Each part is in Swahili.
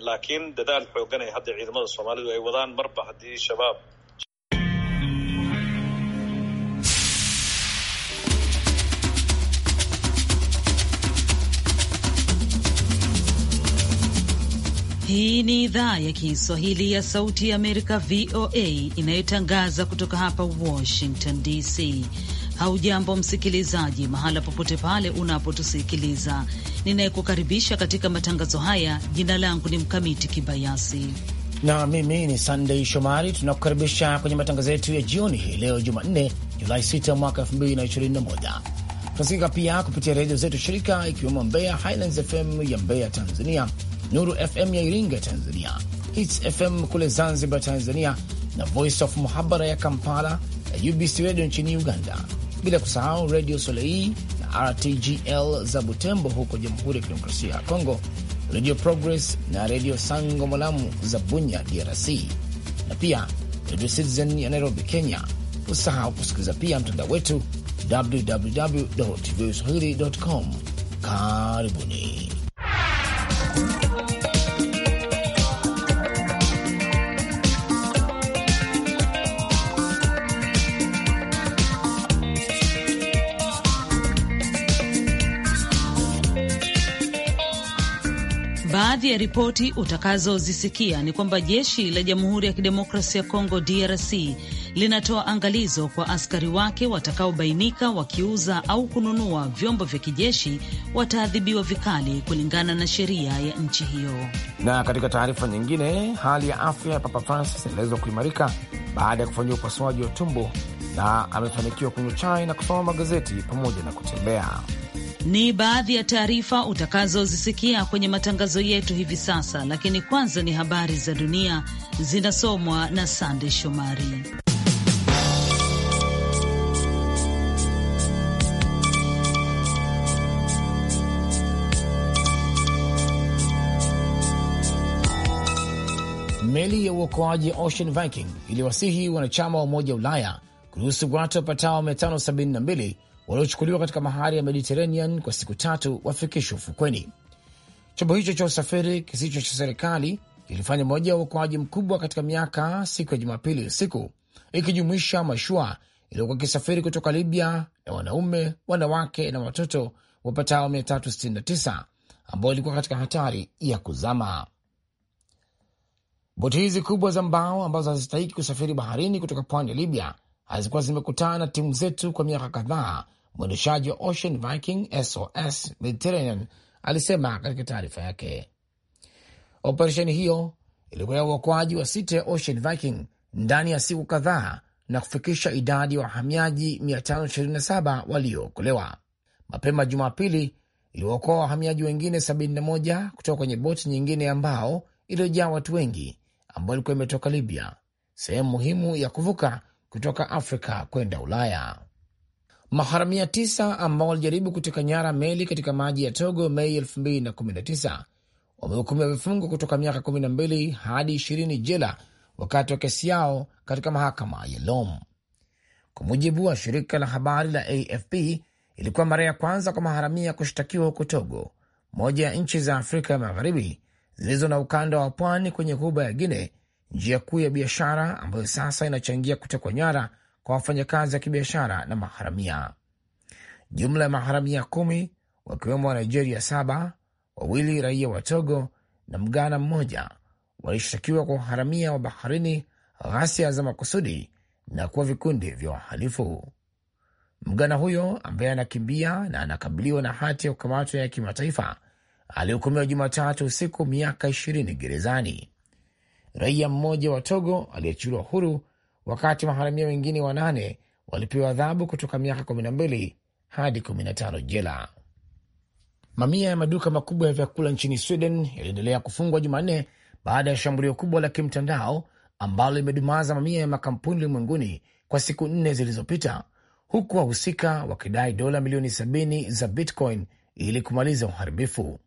laakiin dadaal xoogan ay hadda ciidamada soomaalidu ay wadaan marba haddii shabaab Hii ni idhaa ya Kiswahili ya Sauti ya Amerika, VOA, inayotangaza kutoka hapa Washington DC. Haujambo msikilizaji, mahala popote pale unapotusikiliza, ninayekukaribisha katika matangazo haya, jina langu ni Mkamiti Kibayasi na mimi ni Sandei Shomari. Tunakukaribisha kwenye matangazo yetu ya jioni hii leo Jumanne, Julai 6 mwaka 2021. Tunasikika pia kupitia redio zetu shirika, ikiwemo Mbeya Highlands FM ya Mbeya Tanzania, Nuru FM ya Iringa Tanzania, Hits FM kule Zanzibar Tanzania, na Voice of Muhabara ya Kampala na UBC redio nchini Uganda bila kusahau redio Soleil na RTGL za Butembo huko Jamhuri ya Kidemokrasia ya Kongo, redio Progress na redio Sango Malamu za Bunya, DRC, na pia redio Citizen ya Nairobi, Kenya. Usahau kusikiliza pia mtandao wetu www www.voaswahili.com. Karibuni. Baadhi ya ripoti utakazozisikia ni kwamba jeshi la Jamhuri ya Kidemokrasia ya Kongo DRC linatoa angalizo kwa askari wake watakaobainika wakiuza au kununua vyombo vya kijeshi wataadhibiwa vikali kulingana na sheria ya nchi hiyo. Na katika taarifa nyingine, hali ya afya ya Papa Francis inaelezwa kuimarika baada ya kufanyia upasuaji wa tumbo na amefanikiwa kunywa chai na kusoma magazeti pamoja na kutembea. Ni baadhi ya taarifa utakazozisikia kwenye matangazo yetu hivi sasa, lakini kwanza ni habari za dunia zinasomwa na Sande Shomari. Meli ya uokoaji ya Ocean Viking iliwasihi wanachama wa Umoja wa Ulaya kuruhusu watu wapatao 572 waliochukuliwa katika bahari ya Mediterranean kwa siku tatu wafikishwe ufukweni. Chombo hicho cha usafiri kisicho cha serikali kilifanya moja ya uokoaji mkubwa katika miaka siku ya Jumapili usiku, ikijumuisha mashua iliyokuwa ikisafiri kutoka Libya na wanaume, wanawake na watoto wapatao 369 ambao ilikuwa katika hatari ya kuzama. Boti hizi kubwa za mbao ambazo hazistahiki kusafiri baharini kutoka pwani ya Libya hazikuwa zimekutana na timu zetu kwa miaka kadhaa Mwendeshaji wa Ocean Viking SOS Mediterranean alisema katika taarifa yake. Operesheni hiyo ilikuwa ya uokoaji wa sita ya Ocean Viking ndani ya siku kadhaa na kufikisha idadi ya wa wahamiaji 527 waliookolewa. Mapema Jumapili iliwaokoa wahamiaji wengine 71 kutoka kwenye boti nyingine ya mbao iliyojaa watu wengi ambayo ilikuwa imetoka Libya, sehemu muhimu ya kuvuka kutoka Afrika kwenda Ulaya. Maharamia tisa ambao walijaribu kuteka nyara meli katika maji ya Togo Mei 2019 wamehukumiwa vifungo kutoka miaka 12 hadi 20 jela wakati wa kesi yao katika mahakama ya Lom. Kwa mujibu wa shirika la habari la AFP, ilikuwa mara ya kwanza kwa maharamia kushtakiwa huko Togo, moja ya nchi za Afrika ya magharibi zilizo na ukanda wa pwani kwenye ghuba ya Guine, njia kuu ya biashara ambayo sasa inachangia kutekwa nyara kwa wafanyakazi wa kibiashara na maharamia. Jumla ya maharamia kumi wakiwemo wa Nigeria saba, wawili raia wa Togo na Mgana mmoja walishtakiwa kwa uharamia wa baharini, ghasia za makusudi na kuwa vikundi vya wahalifu. Mgana huyo ambaye anakimbia na anakabiliwa na hati ya ukamatwa ya kimataifa alihukumiwa Jumatatu usiku miaka ishirini gerezani. Raia mmoja wa Togo aliyeachiliwa huru wakati maharamia wengine wanane walipewa adhabu kutoka miaka 12 hadi 15 jela. Mamia ya maduka makubwa ya vyakula nchini Sweden yaliendelea kufungwa Jumanne baada ya shambulio kubwa la kimtandao ambalo limedumaza mamia ya makampuni ulimwenguni kwa siku nne zilizopita, huku wahusika wakidai dola milioni 70 za Bitcoin ili kumaliza uharibifu.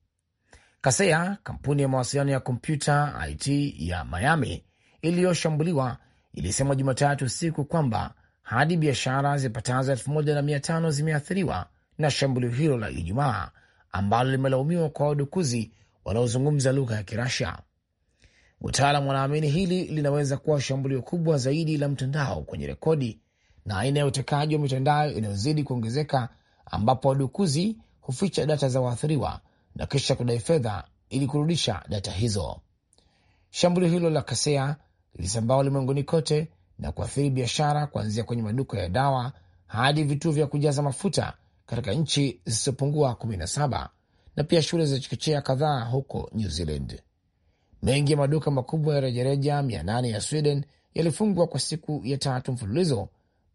Kaseya, kampuni ya mawasiliano ya kompyuta IT ya Miami iliyoshambuliwa, ilisema Jumatatu usiku kwamba hadi biashara zipatazo elfu moja na mia tano zimeathiriwa na shambulio hilo la Ijumaa ambalo limelaumiwa kwa wadukuzi wanaozungumza lugha ya Kirasha. Wataalam wanaamini hili linaweza kuwa shambulio kubwa zaidi la mtandao kwenye rekodi na aina ya utekaji wa mitandao inayozidi kuongezeka, ambapo wadukuzi huficha data za waathiriwa na kisha kudai fedha ili kurudisha data hizo. Shambulio hilo la Kasea ilisambaa ulimwenguni kote na kuathiri biashara kuanzia kwenye maduka ya dawa hadi vituo vya kujaza mafuta katika nchi zisizopungua 17 na pia shule za chekechea kadhaa huko New Zealand. Mengi ya maduka makubwa ya rejareja 800 ya Sweden yalifungwa kwa siku ya tatu mfululizo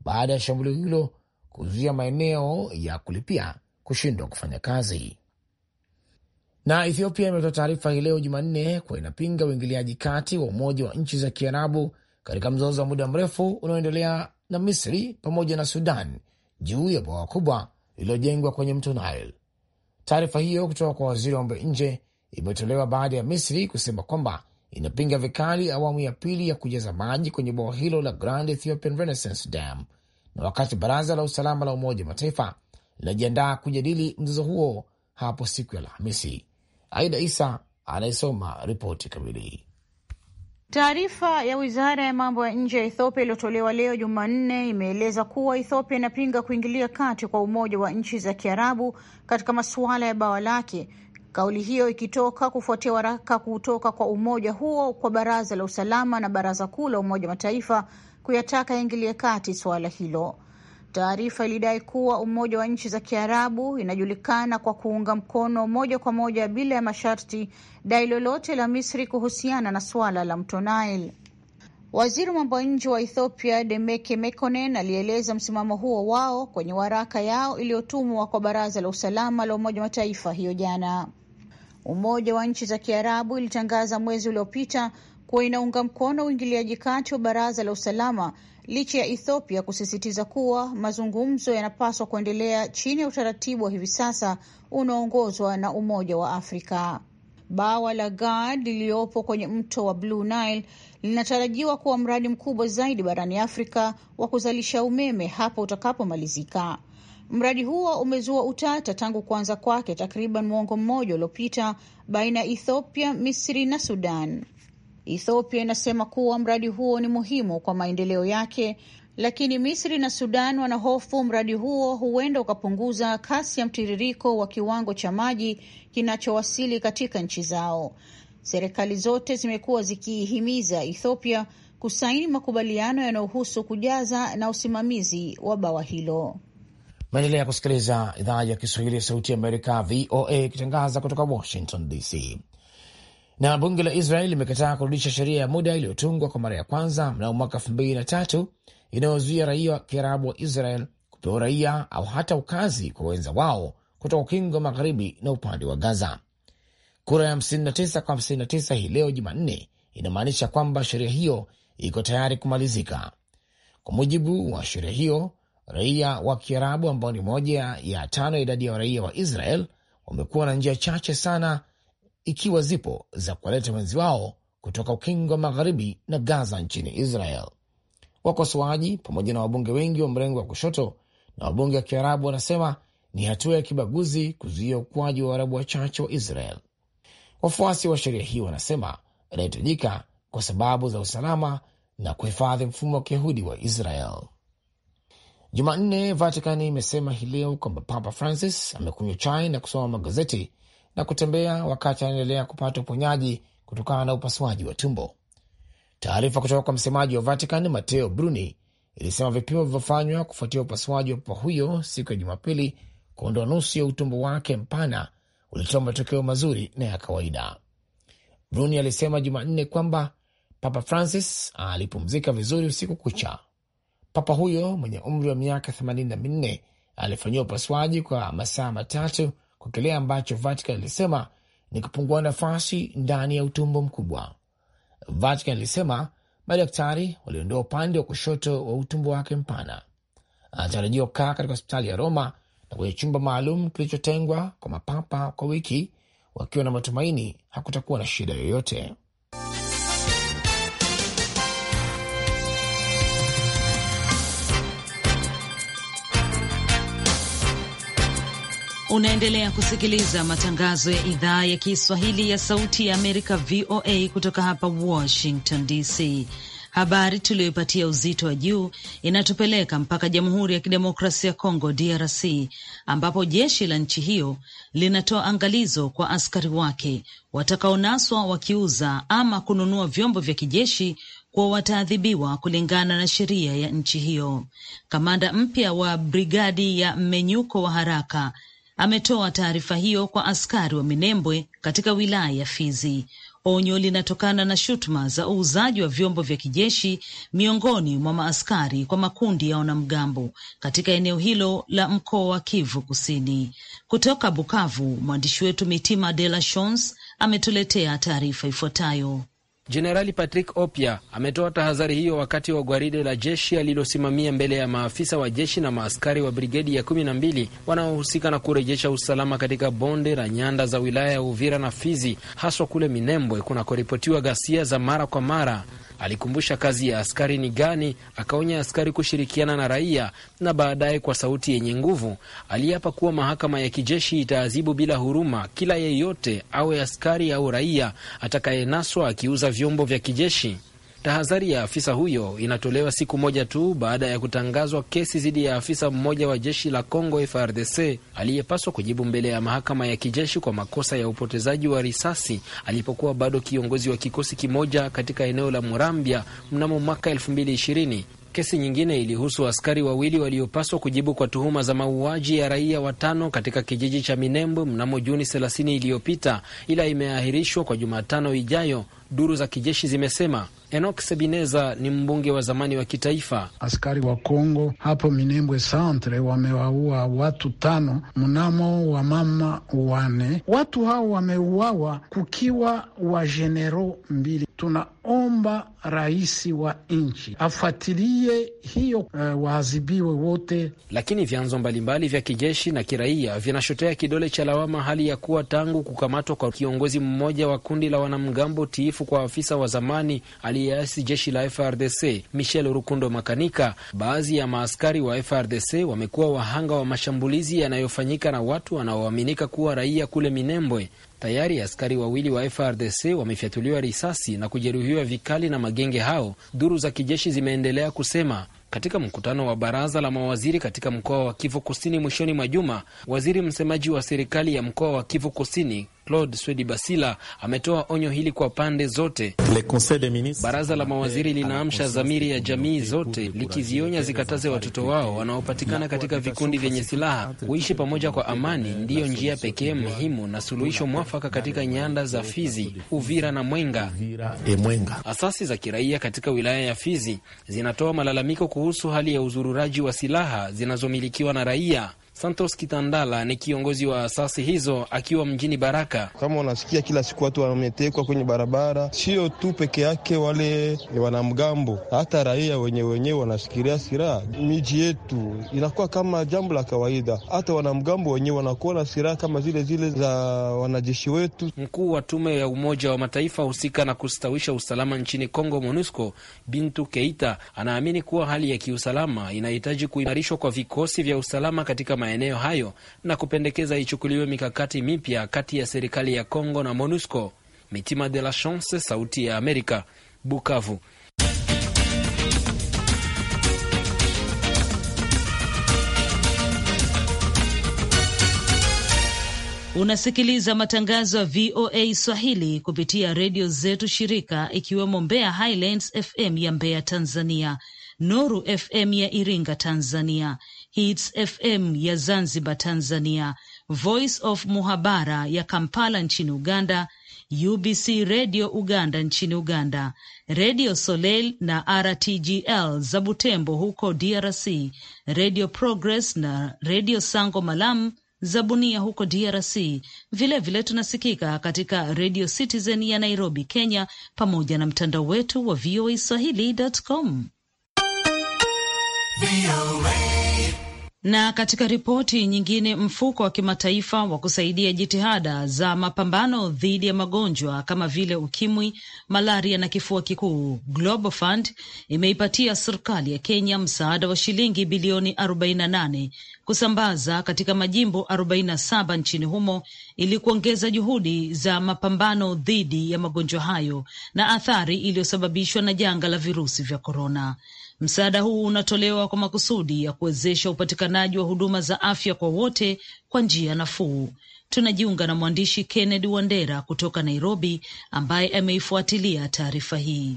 baada ya shambulio hilo kuzuia maeneo ya kulipia kushindwa kufanya kazi. Na Ethiopia imetoa taarifa hii leo Jumanne kuwa inapinga uingiliaji kati wa Umoja wa Nchi za Kiarabu katika mzozo wa muda mrefu unaoendelea na Misri pamoja na Sudan juu ya bwawa kubwa lililojengwa kwenye mto Nile. Taarifa hiyo kutoka kwa waziri wa mambo ya nje imetolewa baada ya Misri kusema kwamba inapinga vikali awamu ya pili ya kujaza maji kwenye bwawa hilo la Grand Ethiopian Renaissance Dam, na wakati baraza la usalama la Umoja wa Mataifa linajiandaa kujadili mzozo huo hapo siku ya Alhamisi. Aida Isa anayesoma ripoti kamili. Taarifa ya wizara ya mambo ya nje ya Ethiopia iliyotolewa leo Jumanne imeeleza kuwa Ethiopia inapinga kuingilia kati kwa Umoja wa Nchi za Kiarabu katika masuala ya bawa lake, kauli hiyo ikitoka kufuatia waraka kutoka kwa umoja huo kwa Baraza la Usalama na Baraza Kuu la Umoja wa Mataifa kuyataka yaingilie kati suala hilo. Taarifa ilidai kuwa Umoja wa Nchi za Kiarabu inajulikana kwa kuunga mkono moja kwa moja bila ya masharti dai lolote la Misri kuhusiana na suala la mto Nile. Waziri wa mambo ya nje wa Ethiopia Demeke Mekonnen alieleza msimamo huo wao kwenye waraka yao iliyotumwa kwa Baraza la Usalama la Umoja wa Mataifa hiyo jana. Umoja wa Nchi za Kiarabu ilitangaza mwezi uliopita kuwa inaunga mkono uingiliaji kati wa Baraza la Usalama licha ya Ethiopia kusisitiza kuwa mazungumzo yanapaswa kuendelea chini ya utaratibu wa hivi sasa unaoongozwa na Umoja wa Afrika. Bawa la Gad liliyopo kwenye mto wa Blue Nile linatarajiwa kuwa mradi mkubwa zaidi barani Afrika wa kuzalisha umeme hapo utakapomalizika. Mradi huo umezua utata tangu kuanza kwake takriban mwongo mmoja uliopita baina ya Ethiopia, Misri na Sudan. Ethiopia inasema kuwa mradi huo ni muhimu kwa maendeleo yake, lakini Misri na Sudan wanahofu mradi huo huenda ukapunguza kasi ya mtiririko wa kiwango cha maji kinachowasili katika nchi zao. Serikali zote zimekuwa zikiihimiza Ethiopia kusaini makubaliano yanayohusu kujaza na usimamizi wa bawa hilo. Maendelea kusikiliza idhaa ya Kiswahili ya Sauti ya Amerika, VOA, ikitangaza kutoka Washington DC. Na bunge la Israel limekataa kurudisha sheria ya muda iliyotungwa kwa mara ya kwanza mnamo mwaka elfu mbili na tatu inayozuia raia wa Kiarabu wa Israel kupewa uraia au hata ukazi kwa wenza wao kutoka ukingo wa magharibi na upande wa Gaza. Kura ya 59 kwa 59 hii leo Jumanne inamaanisha kwamba sheria hiyo iko tayari kumalizika. Kwa mujibu wa sheria hiyo, raia wa Kiarabu ambao ni moja ya tano ya idadi ya raia wa Israel wamekuwa na njia chache sana ikiwa zipo za kuwaleta wenzi wao kutoka ukingo wa magharibi na Gaza nchini Israel. Wakosoaji pamoja na wabunge wengi wa mrengo wa kushoto na wabunge wa Kiarabu wanasema ni hatua ya kibaguzi kuzuia ukuaji wa Waarabu wachache wa Israel. Wafuasi wa sheria hii wanasema inahitajika kwa sababu za usalama na kuhifadhi mfumo wa kiyahudi wa Israel. Jumanne, Vatikani imesema hii leo kwamba Papa Francis amekunywa chai na kusoma magazeti na kutembea wakati anaendelea kupata uponyaji kutokana na upasuaji wa tumbo. Taarifa kutoka kwa msemaji wa Vatican Mateo Bruni ilisema vipimo vilivyofanywa kufuatia upasuaji wa papa huyo siku ya Jumapili kuondoa nusu ya utumbo wake mpana ulitoa matokeo mazuri na ya kawaida. Bruni alisema Jumanne kwamba Papa Francis alipumzika vizuri usiku kucha. Papa huyo mwenye umri wa miaka 84 alifanyiwa upasuaji kwa masaa matatu kwa kile ambacho Vatican ilisema ni kupungua nafasi ndani ya utumbo mkubwa. Vatican ilisema madaktari waliondoa upande wa kushoto wa utumbo wake mpana. Anatarajiwa kukaa katika hospitali ya Roma na kwenye chumba maalum kilichotengwa kwa mapapa kwa wiki, wakiwa na matumaini hakutakuwa na shida yoyote. Unaendelea kusikiliza matangazo ya idhaa ya Kiswahili ya Sauti ya Amerika, VOA, kutoka hapa Washington DC. Habari tuliyoipatia uzito wa juu inatupeleka mpaka Jamhuri ya Kidemokrasia ya Kongo, DRC, ambapo jeshi la nchi hiyo linatoa angalizo kwa askari wake watakaonaswa wakiuza ama kununua vyombo vya kijeshi kuwa wataadhibiwa kulingana na sheria ya nchi hiyo. Kamanda mpya wa brigadi ya mmenyuko wa haraka ametoa taarifa hiyo kwa askari wa Minembwe katika wilaya ya Fizi. Onyo linatokana na shutuma za uuzaji wa vyombo vya kijeshi miongoni mwa maaskari kwa makundi ya wanamgambo katika eneo hilo la mkoa wa Kivu Kusini. Kutoka Bukavu, mwandishi wetu Mitima De La Shons ametuletea taarifa ifuatayo. Jenerali Patrick Opia ametoa tahadhari hiyo wakati wa gwaride la jeshi alilosimamia mbele ya maafisa wa jeshi na maaskari wa brigedi ya kumi na mbili wanaohusika na kurejesha usalama katika bonde la nyanda za wilaya ya Uvira na Fizi, haswa kule Minembwe kunakoripotiwa ghasia za mara kwa mara Alikumbusha kazi ya askari ni gani, akaonya askari kushirikiana na raia, na baadaye kwa sauti yenye nguvu aliapa kuwa mahakama ya kijeshi itaadhibu bila huruma kila yeyote, awe askari au raia, atakayenaswa akiuza vyombo vya kijeshi. Tahadhari ya afisa huyo inatolewa siku moja tu baada ya kutangazwa kesi dhidi ya afisa mmoja wa jeshi la Congo frdc aliyepaswa kujibu mbele ya mahakama ya kijeshi kwa makosa ya upotezaji wa risasi alipokuwa bado kiongozi wa kikosi kimoja katika eneo la Murambya mnamo mwaka 2020. Kesi nyingine ilihusu askari wawili waliopaswa kujibu kwa tuhuma za mauaji ya raia watano katika kijiji cha Minembwe mnamo Juni 30 iliyopita, ila imeahirishwa kwa Jumatano ijayo, duru za kijeshi zimesema. Enok Sebineza ni mbunge wa zamani wa kitaifa. Askari wa Kongo hapo Minembwe Centre wamewaua watu tano mnamo wa mama wane. Watu hao wameuawa kukiwa wajenero mbili tuna tunaomba rais wa nchi afuatilie hiyo, uh, waadhibiwe wote. Lakini vyanzo mbalimbali vya kijeshi na kiraia vinashotea kidole cha lawama hali ya kuwa tangu kukamatwa kwa kiongozi mmoja wa kundi la wanamgambo tiifu kwa afisa wa zamani aliyeasi jeshi la FRDC Michel Rukundo Makanika, baadhi ya maaskari wa FRDC wamekuwa wahanga wa mashambulizi yanayofanyika na watu wanaoaminika kuwa raia kule Minembwe. Tayari askari wawili wa FRDC wamefyatuliwa risasi na kujeruhiwa vikali na magenge hao, duru za kijeshi zimeendelea kusema. Katika mkutano wa baraza la mawaziri katika mkoa wa Kivu Kusini mwishoni mwa juma, waziri msemaji wa serikali ya mkoa wa Kivu Kusini Claude Swedi Basila ametoa onyo hili kwa pande zote. Baraza la mawaziri linaamsha dhamiri ya jamii zote likizionya zikataze watoto wao wanaopatikana katika vikundi vyenye silaha. Kuishi pamoja kwa amani ndiyo njia pekee muhimu na suluhisho mwafaka katika nyanda za Fizi, Uvira na Mwenga. Asasi za kiraia katika wilaya ya Fizi zinatoa malalamiko kuhusu hali ya uzururaji wa silaha zinazomilikiwa na raia Santos Kitandala ni kiongozi wa asasi hizo akiwa mjini Baraka. Kama unasikia kila siku watu wametekwa kwenye barabara, sio tu peke yake wale wanamgambo, hata raia wenye wenyewe wanashikilia silaha. Miji yetu inakuwa kama jambo la kawaida, hata wanamgambo wenyewe wanakuwa na silaha kama zile zile za wanajeshi wetu. Mkuu wa tume ya Umoja wa Mataifa husika na kustawisha usalama nchini Kongo, MONUSCO, Bintu Keita anaamini kuwa hali ya kiusalama inahitaji kuimarishwa kwa vikosi vya usalama katika maeneo hayo na kupendekeza ichukuliwe mikakati mipya kati ya serikali ya Kongo na MONUSCO. Mitima de la Chance, Sauti ya Amerika, Bukavu. Unasikiliza matangazo ya VOA Swahili kupitia redio zetu shirika, ikiwemo Mbeya Highlands FM ya Mbeya Tanzania, Noru FM ya Iringa Tanzania, Hits FM ya Zanzibar Tanzania, Voice of Muhabara ya Kampala nchini Uganda, UBC Radio Uganda nchini Uganda, Radio Soleil na RTGL za Butembo huko DRC, Radio Progress na Radio Sango Malamu za Bunia huko DRC. Vilevile vile tunasikika katika Radio Citizen ya Nairobi, Kenya, pamoja na mtandao wetu wa VOA Swahili.com. Na katika ripoti nyingine, mfuko wa kimataifa wa kusaidia jitihada za mapambano dhidi ya magonjwa kama vile ukimwi, malaria na kifua kikuu, Global Fund imeipatia serikali ya Kenya msaada wa shilingi bilioni kusambaza katika majimbo 47 nchini humo ili kuongeza juhudi za mapambano dhidi ya magonjwa hayo na athari iliyosababishwa na janga la virusi vya korona. Msaada huu unatolewa kwa makusudi ya kuwezesha upatikanaji wa huduma za afya kwa wote kwa njia nafuu. Tunajiunga na mwandishi Kennedy Wandera kutoka Nairobi ambaye ameifuatilia taarifa hii.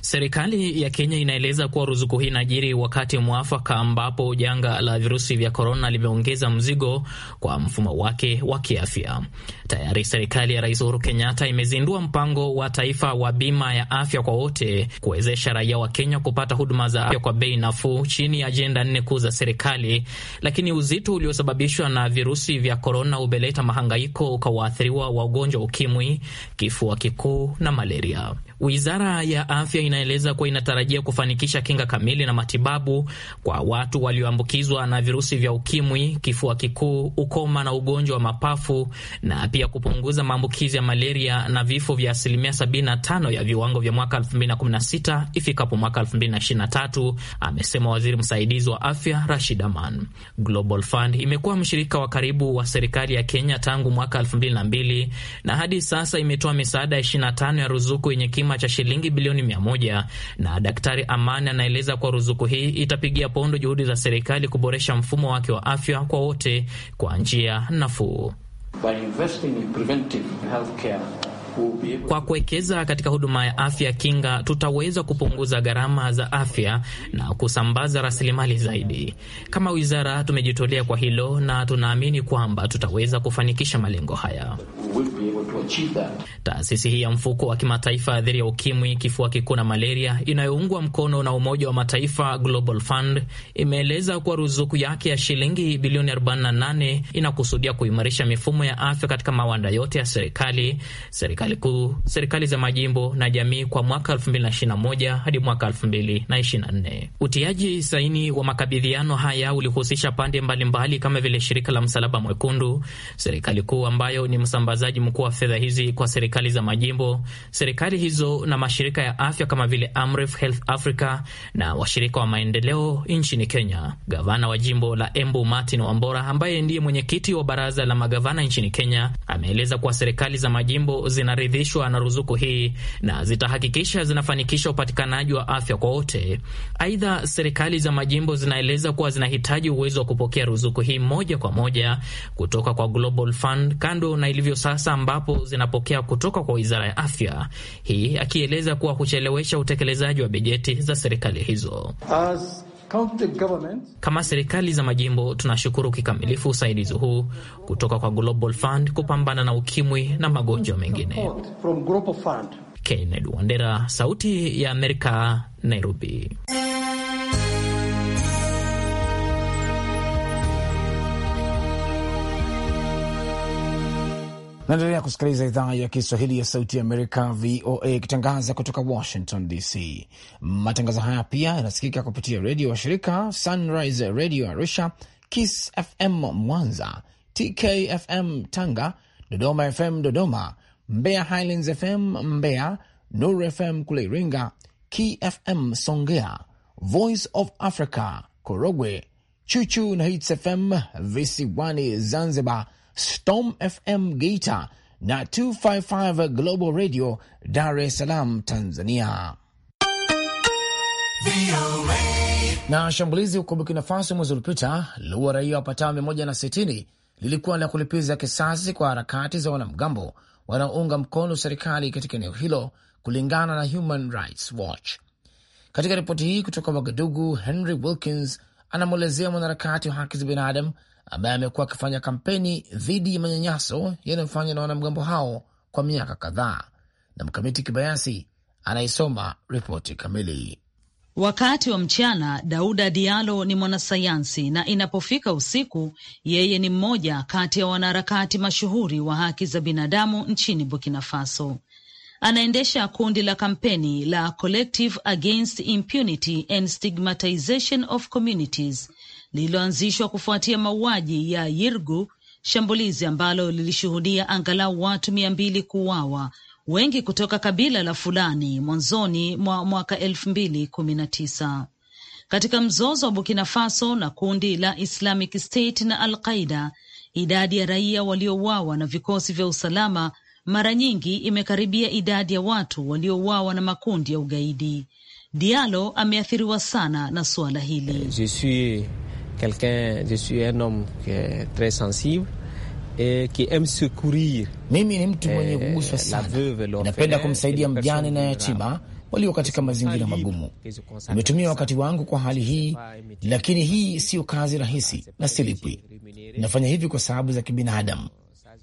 Serikali ya Kenya inaeleza kuwa ruzuku hii inajiri wakati mwafaka ambapo janga la virusi vya korona limeongeza mzigo kwa mfumo wake wa kiafya. Tayari serikali ya Rais Uhuru Kenyatta imezindua mpango wa taifa wa bima ya afya kwa wote kuwezesha raia wa Kenya kupata huduma za afya kwa bei nafuu chini ya ajenda nne kuu za serikali. Lakini uzito uliosababishwa na virusi vya korona umeleta mahangaiko kwa waathiriwa wa ugonjwa ukimwi, kifua kikuu na malaria. Wizara ya Afya inaeleza kuwa inatarajia kufanikisha kinga kamili na matibabu kwa watu walioambukizwa na virusi vya ukimwi, kifua kikuu, ukoma na ugonjwa wa mapafu na pia kupunguza maambukizi ya malaria na vifo vya asilimia 75 ya viwango vya mwaka 2016 ifikapo mwaka 2023, amesema waziri msaidizi wa afya Rashid Aman. Global Fund imekuwa mshirika wa karibu wa serikali ya Kenya tangu mwaka 2002 na hadi sasa imetoa misaada 25 ya ruzuku yenye kima chuma cha shilingi bilioni mia moja na Daktari Amani anaeleza kuwa ruzuku hii itapigia pondo juhudi za serikali kuboresha mfumo wake wa afya kwa wote kwa njia nafuu. By investing in preventive healthcare kwa kuwekeza katika huduma ya afya kinga, tutaweza kupunguza gharama za afya na kusambaza rasilimali zaidi. Kama wizara tumejitolea kwa hilo na tunaamini kwamba tutaweza kufanikisha malengo haya. Taasisi hii ya mfuko wa kimataifa dhidi ya ukimwi, kifua kikuu na malaria inayoungwa mkono na Umoja wa Mataifa Global Fund imeeleza kuwa ruzuku yake ya shilingi bilioni 48 inakusudia kuimarisha mifumo ya afya katika mawanda yote ya serikali, serikali serikali kuu, serikali za majimbo na jamii kwa mwaka 2021 hadi mwaka 2024. Utiaji saini wa makabidhiano haya ulihusisha pande mbalimbali mbali kama vile shirika la Msalaba Mwekundu, serikali kuu ambayo ni msambazaji mkuu wa fedha hizi kwa serikali za majimbo, serikali hizo na mashirika ya afya kama vile Amref Health Africa na washirika wa maendeleo nchini Kenya. Gavana wa jimbo la Embu Martin Wambora ambaye ndiye mwenyekiti wa baraza la magavana nchini Kenya ameeleza kuwa serikali za majimbo zina zinaridhishwa na ruzuku hii na zitahakikisha zinafanikisha upatikanaji wa afya kwa wote. Aidha, serikali za majimbo zinaeleza kuwa zinahitaji uwezo wa kupokea ruzuku hii moja kwa moja kutoka kwa Global Fund, kando na ilivyo sasa ambapo zinapokea kutoka kwa wizara ya afya, hii akieleza kuwa huchelewesha utekelezaji wa bajeti za serikali hizo As kama serikali za majimbo tunashukuru kikamilifu usaidizi huu kutoka kwa Global Fund kupambana na ukimwi na magonjwa mengine. Kennedy Wandera, Sauti ya Amerika, Nairobi. Naendelea kusikiliza idhaa ya Kiswahili ya Sauti ya Amerika, VOA, ikitangaza kutoka Washington DC. Matangazo haya pia yanasikika kupitia redio wa shirika Sunrise Radio Arusha, Kiss FM Mwanza, TKFM Tanga, Dodoma FM Dodoma, Mbeya Highlands FM Mbeya, Nur FM kule Iringa, KFM Songea, Voice of Africa Korogwe, Chuchu na Hits FM visiwani Zanzibar, Storm FM Geita na 255 Global Radio Dar es Salaam, Tanzania. Na shambulizi huko Burkina Faso mwezi uliopita liua raia wapatao 160 lilikuwa la kulipiza kisasi kwa harakati za wanamgambo wanaounga mkono serikali katika eneo hilo, kulingana na Human Rights Watch. Katika ripoti hii kutoka Wagadugu, Henry Wilkins anamwelezea mwanaharakati wa haki za binadamu ambaye amekuwa akifanya kampeni dhidi ya manyanyaso yanayofanywa na wanamgambo hao kwa miaka kadhaa. Na Mkamiti Kibayasi anaisoma ripoti kamili. Wakati wa mchana Dauda dialo ni mwanasayansi na inapofika usiku, yeye ni mmoja kati ya wanaharakati mashuhuri wa haki za binadamu nchini Burkina Faso. Anaendesha kundi la kampeni la Collective Against Impunity and Stigmatization of Communities lililoanzishwa kufuatia mauaji ya Yirgu, shambulizi ambalo lilishuhudia angalau watu mia mbili kuuawa, wengi kutoka kabila la Fulani mwanzoni mwa mwaka elfu mbili kumi na tisa katika mzozo wa Burkina Faso na kundi la Islamic State na Al Qaida. Idadi ya raia waliouawa na vikosi vya usalama mara nyingi imekaribia idadi ya watu waliouawa na makundi ya ugaidi. dialo ameathiriwa sana na suala hili quelqu'un, je suis un homme qui est très sensible et qui aime secourir. Mimi ni mtu mwenye kuguswa eh, sana, napenda kumsaidia mjane na yatima walio katika mazingira magumu. Nimetumia wakati wangu kwa hali hii, lakini hii siyo kazi rahisi ah, na silipwi. Nafanya hivi kwa sababu za kibinadamu.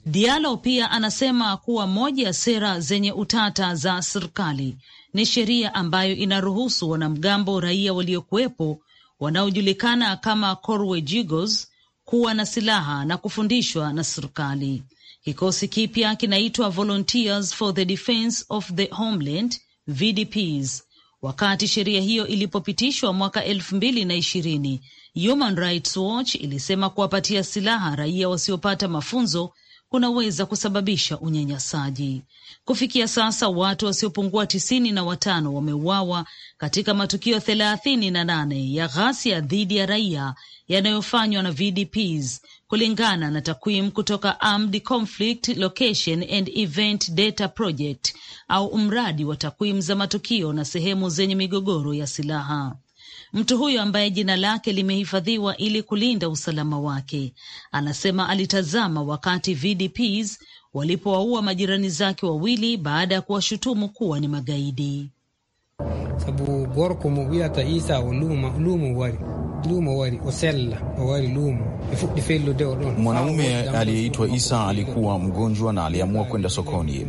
Diallo pia anasema kuwa moja ya sera zenye utata za serikali ni sheria ambayo inaruhusu wanamgambo raia waliokuwepo wanaojulikana kama Korwe Jigos kuwa na silaha na kufundishwa na serikali. Kikosi kipya kinaitwa Volunteers for the Defense of the Homeland, VDPs. Wakati sheria hiyo ilipopitishwa mwaka elfu mbili na ishirini, Human Rights Watch ilisema kuwapatia silaha raia wasiopata mafunzo kunaweza kusababisha unyanyasaji. Kufikia sasa watu wasiopungua tisini na watano wameuawa katika matukio thelathini na nane ya ghasia dhidi ya raia yanayofanywa na VDPs kulingana na takwimu kutoka Armed Conflict Location and Event Data Project au mradi wa takwimu za matukio na sehemu zenye migogoro ya silaha. Mtu huyo ambaye jina lake limehifadhiwa ili kulinda usalama wake, anasema alitazama wakati VDPs walipowaua majirani zake wawili baada ya kuwashutumu kuwa ni magaidi sabu gorko mo wiyata isa o lumo lumo wari lumo wari o sella o wari lumo e fuɗɗi fellude o ɗon mwanamume aliyeitwa isa alikuwa mgonjwa na aliamua kwenda sokoni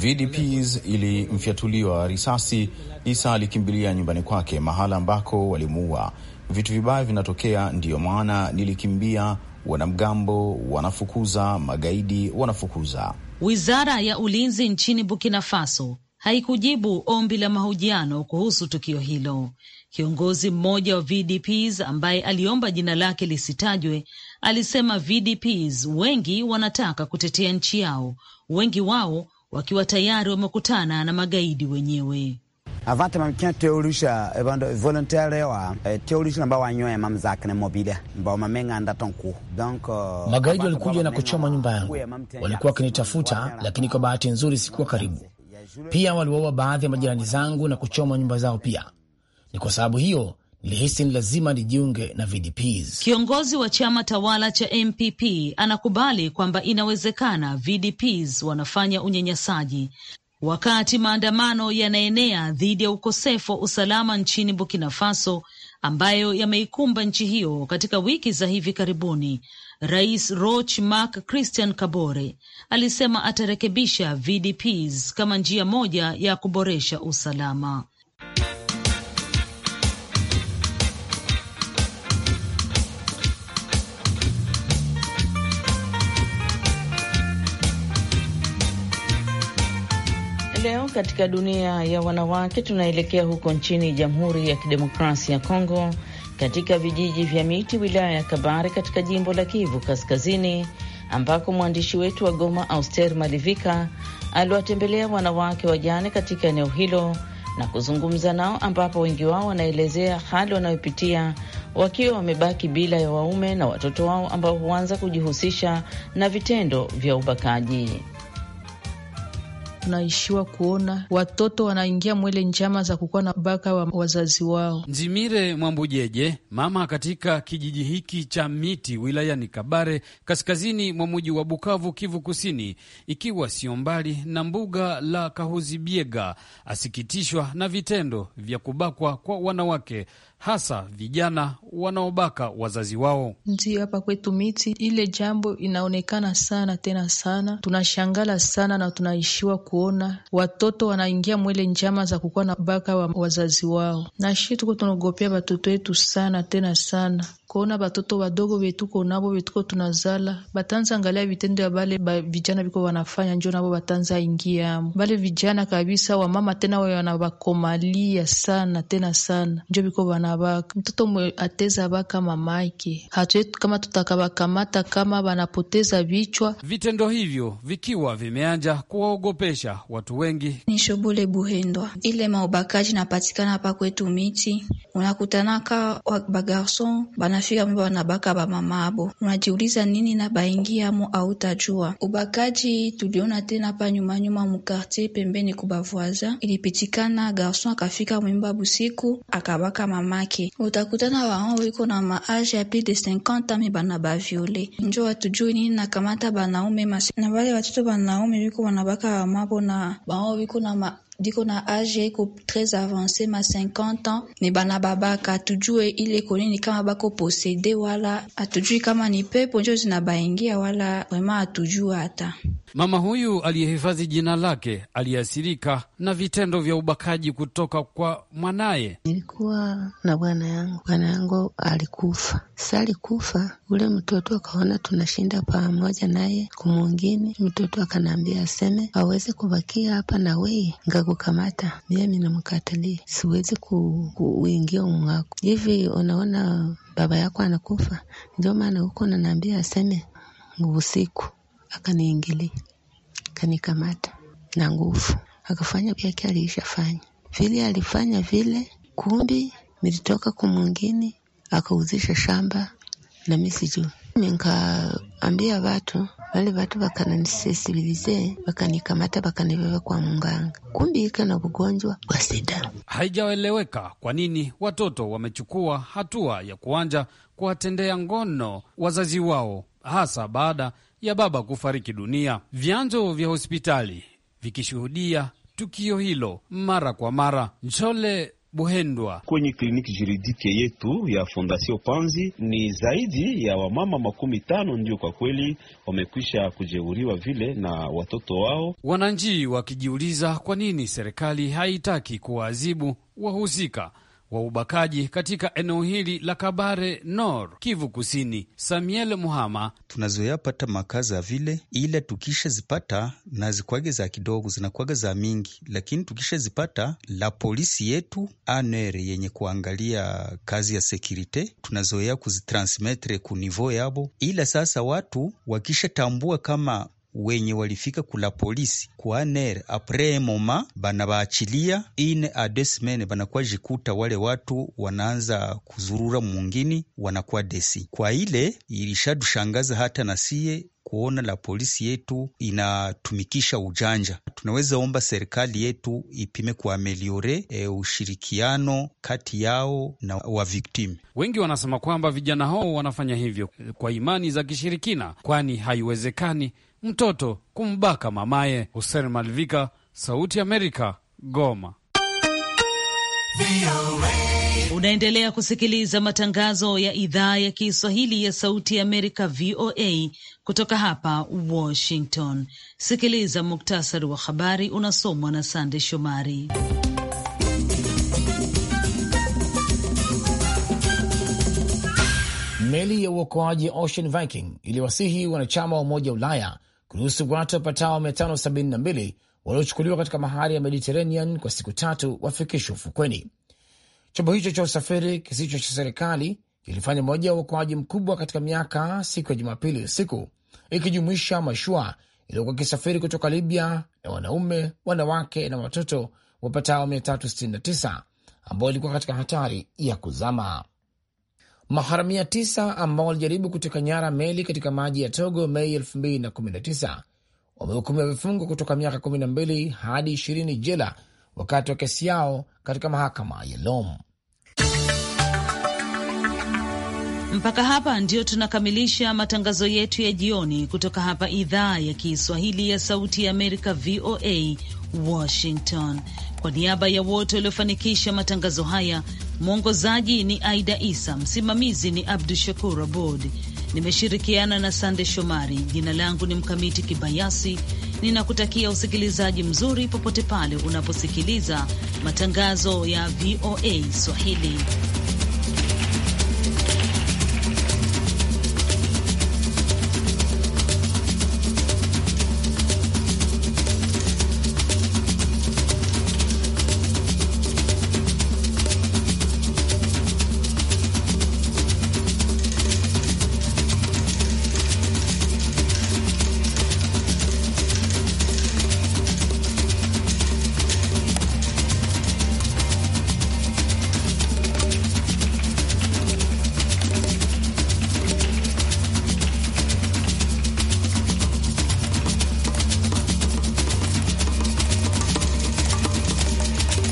vdps ilimfyatuliwa risasi isa alikimbilia nyumbani kwake mahala ambako walimuua vitu vibaya vinatokea ndiyo maana nilikimbia wanamgambo wanafukuza magaidi wanafukuza wizara ya ulinzi nchini burkina faso haikujibu ombi la mahojiano kuhusu tukio hilo. Kiongozi mmoja wa VDPs ambaye aliomba jina lake lisitajwe alisema VDPs wengi wanataka kutetea nchi yao, wengi wao wakiwa tayari wamekutana na magaidi wenyewe. Magaidi walikuja na kuchoma nyumba yangu, walikuwa wakinitafuta, lakini kwa bahati nzuri sikuwa karibu. Pia waliwaua baadhi ya majirani zangu na kuchoma nyumba zao pia. Ni kwa sababu hiyo nilihisi ni lazima nijiunge na VDPs. Kiongozi wa chama tawala cha MPP anakubali kwamba inawezekana VDPs wanafanya unyanyasaji wakati maandamano yanaenea dhidi ya ukosefu wa usalama nchini Burkina Faso ambayo yameikumba nchi hiyo katika wiki za hivi karibuni. Rais Roch Marc Christian Kabore alisema atarekebisha VDPs kama njia moja ya kuboresha usalama. Leo katika dunia ya wanawake tunaelekea huko nchini Jamhuri ya Kidemokrasia ya Kongo katika vijiji vya miti wilaya ya Kabare katika jimbo la Kivu Kaskazini, ambako mwandishi wetu wa Goma Auster Malivika aliwatembelea wanawake wajane katika eneo hilo na kuzungumza nao, ambapo wengi wao wanaelezea hali wanayopitia wakiwa wamebaki bila ya waume na watoto wao ambao huanza kujihusisha na vitendo vya ubakaji tunaishiwa kuona watoto wanaingia mwele njama za kukuwa na baka wa wazazi wao. Nzimire Mwambujeje, mama katika kijiji hiki cha Miti wilayani Kabare, kaskazini mwa muji wa Bukavu, Kivu Kusini, ikiwa sio mbali na mbuga la Kahuzi Biega, asikitishwa na vitendo vya kubakwa kwa wanawake hasa vijana wanaobaka wazazi wao. Ndio hapa kwetu miti ile jambo inaonekana sana tena sana, tunashangala sana na tunaishiwa kuona watoto wanaingia mwele njama za kukuwa na baka wa wazazi wao, na shi tuko tunaogopea watoto wetu sana tena sana kuona batoto badogo betuko nabo betuko tunazala batanza angalia vitendo ya bale ba vijana biko wanafanya, njo nabo batanza ingia bale vijana kabisa. Wamama tena wayo wanabakomalia sana tena sana, njo biko banabaka mtoto mwe ateza baka mamake Hatue kama tutakabakamata kama banapoteza vichwa. Vitendo hivyo vikiwa vimeanja kuwaogopesha watu wengi. Ni shobole buhendwa ile maubakaji napatikana pa kwetu miti unakutanaka bagarson bana bafika mbe banabaka abo, unajiuliza nini na baingia au tajua Ubakaji tuliona tena pa nyuma nyuma mukartier pembeni kubavwaza, ilipitikana garson akafika mwimba busiku akabaka mamake. Utakutana wao wiko na maaje ya plus de 50 ami bana baviole, njo watujui nini na kamata banaume masi na wale watoto banaume wiko banabaka bamabo na wao wiko na ma Diko na age eko tres avance ma 50 ans, ni babaka atujue ile konini kama bako posede wala atujui kama ni pepo njo zinabaingia wala wema, atujue hata. Mama huyu aliyehifadhi jina lake aliyeasirika na vitendo vya ubakaji kutoka kwa mwanaye. Nilikuwa na bwana yangu, bwana yangu alikufa. Sasa alikufa ule mtoto akaona tunashinda pamoja naye kumwingine, mtoto akanaambia aseme aweze kubakia hapa na weye atakukamata, mimi namkatalia, siwezi kuingia ku, umu Hivi unaona baba yako anakufa, ndio maana huko nanaambia aseme usiku. Akaniingilia, kanikamata na nguvu, akafanya yake aliishafanya vile alifanya vile, kumbi nilitoka kumwingini, akauzisha shamba na mimi sijui. Nikaambia watu wale watu wakananisensibilize wakanikamata wakanibeba kwa munganga, kumbi ika na ugonjwa wa sida. Haijaeleweka kwa nini watoto wamechukua hatua ya kuanja kuwatendea ngono wazazi wao, hasa baada ya baba kufariki dunia, vyanzo vya hospitali vikishuhudia tukio hilo mara kwa mara. Nchole Buhendwa. Kwenye kliniki juridike yetu ya Fondasio Panzi ni zaidi ya wamama makumi tano ndio kwa kweli wamekwisha kujeuriwa vile na watoto wao. Wananchi wakijiuliza kwa nini serikali haitaki kuwaadhibu wahusika wa ubakaji katika eneo hili la Kabare nor Kivu Kusini. Samuel Muhama: tunazoyapata ya vile, ila zipata na zikwage za kidogo zinakwaga za mingi, lakini zipata la polisi yetu anere yenye kuangalia kazi ya sekurite, tunazoea kuzitransmetre ku yabo, ila sasa watu wakishatambua kama wenye walifika kula polisi nere apres moma banabaachilia ine a deux semaine, banakuwa jikuta wale watu wanaanza kuzurura mungini, wanakuwa desi. Kwa ile ilishadushangaza hata na sie kuona la polisi yetu inatumikisha ujanja. Tunaweza omba serikali yetu ipime kuameliore e, ushirikiano kati yao na wa victim. Wengi wanasema kwamba vijana hao wanafanya hivyo kwa imani za kishirikina, kwani haiwezekani mtoto kumbaka mamaye. Hussein Malvika, Sauti Amerika, Goma. Unaendelea kusikiliza matangazo ya idhaa ya Kiswahili ya Sauti ya Amerika, VOA, kutoka hapa Washington. Sikiliza muktasari wa habari unasomwa na Sande Shomari. Meli ya uokoaji Ocean Viking iliwasihi wanachama wa Umoja wa Ulaya kuruhusu watu wapatao 572 waliochukuliwa katika bahari ya Mediterranean kwa siku tatu wafikishwe ufukweni. Chombo hicho cha usafiri kisicho cha serikali kilifanya moja wa uokoaji mkubwa katika miaka siku ya Jumapili usiku, ikijumuisha mashua iliyokuwa ikisafiri kutoka Libya na wanaume, wanawake na watoto wapatao 369 ambao walikuwa katika hatari ya kuzama. Maharamia tisa ambao walijaribu kuteka nyara meli katika maji ya Togo Mei 2019 wamehukumiwa vifungo kutoka miaka 12 hadi 20 jela wakati wa kesi yao katika mahakama ya Lom. Mpaka hapa ndio tunakamilisha matangazo yetu ya jioni kutoka hapa idhaa ya Kiswahili ya Sauti ya Amerika, VOA, Washington. Kwa niaba ya wote waliofanikisha matangazo haya, mwongozaji ni Aida Isa, msimamizi ni Abdu Shakur Abod. Nimeshirikiana na Sande Shomari. Jina langu ni Mkamiti Kibayasi. Ninakutakia usikilizaji mzuri popote pale unaposikiliza matangazo ya VOA Swahili.